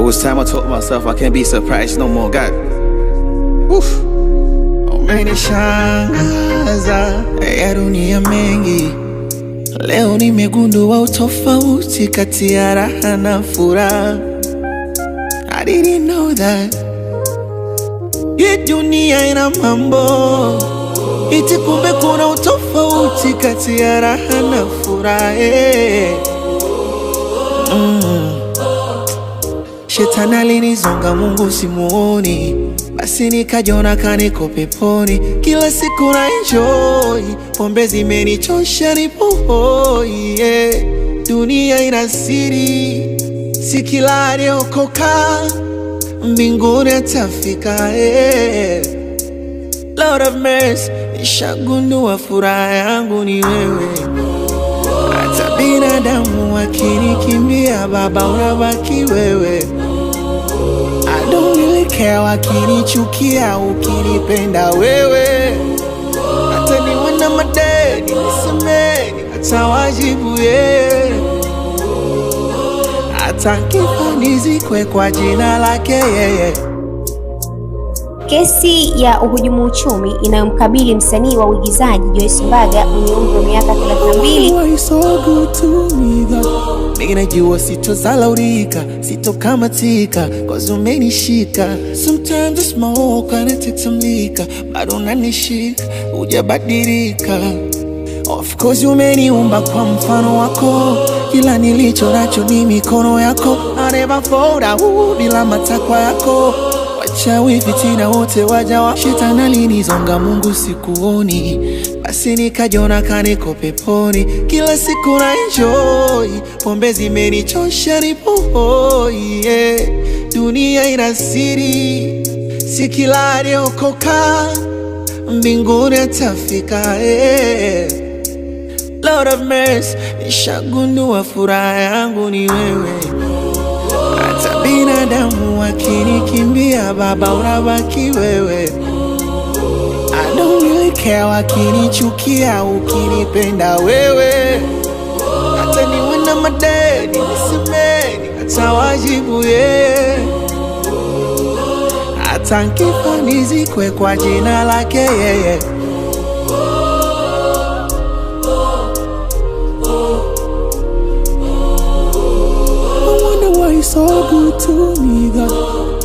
Though it's time I told myself, I can't be surprised no more. God. Woof. Umenishangaza oh, ya dunia mengi, leo nimegundua utofauti kati ya raha na furaha. I didn't know that. Hii dunia ina mambo iti kumbe kuna utofauti kati ya raha na furaha. Eh. Mm. Shetani alinizonga, Mungu simuoni, basi nikajiona kaniko peponi. Kila siku na enjoy, pombe zimenichosha, nipo hoi. Yeah, dunia ina siri, si kila aliyeokoka mbinguni atafika. Yeah. Lord of mercy, nishagundua furaha yangu ni wewe binadamu wakinikimbia, Baba unabaki wewe care, wakinichukia, ukinipenda wewe, hata niwe na madeni nisamehe, wajibu ye, hata kifa nizikwe kwa jina lake yeye. Kesi ya uhujumu uchumi inayomkabili msanii wa uigizaji Joyce Mbaga mwenye umri wa miaka 32 mimi najua sitozalaurika, sitokamatika cause umenishika. Sometimes I smoke and it some lika, bado unanishika, hujabadilika. Of course umeniumba kwa mfano wako, kila nilicho nacho ni mikono yako. I never fold out bila matakwa yako Wachawi, fitina, wote wajawa, shetani alinizonga, Mungu sikuoni basi nikajona kaniko peponi, kila siku na enjoy, pombe zimenichosha nipohoi, yeah. Dunia ina siri, si kila aliyeokoka mbinguni atafika, yeah. Lord of mercy, nishagundua furaha yangu ni wewe, hata binadamu wakinikimbia, Baba unabaki wewe Don't wakinichukia, ukinipenda wewe, hata niwe na madeni nisemeni, atawajibu yeye, hata nkifa nizikwe kwa jina lake yeye. so good to me God.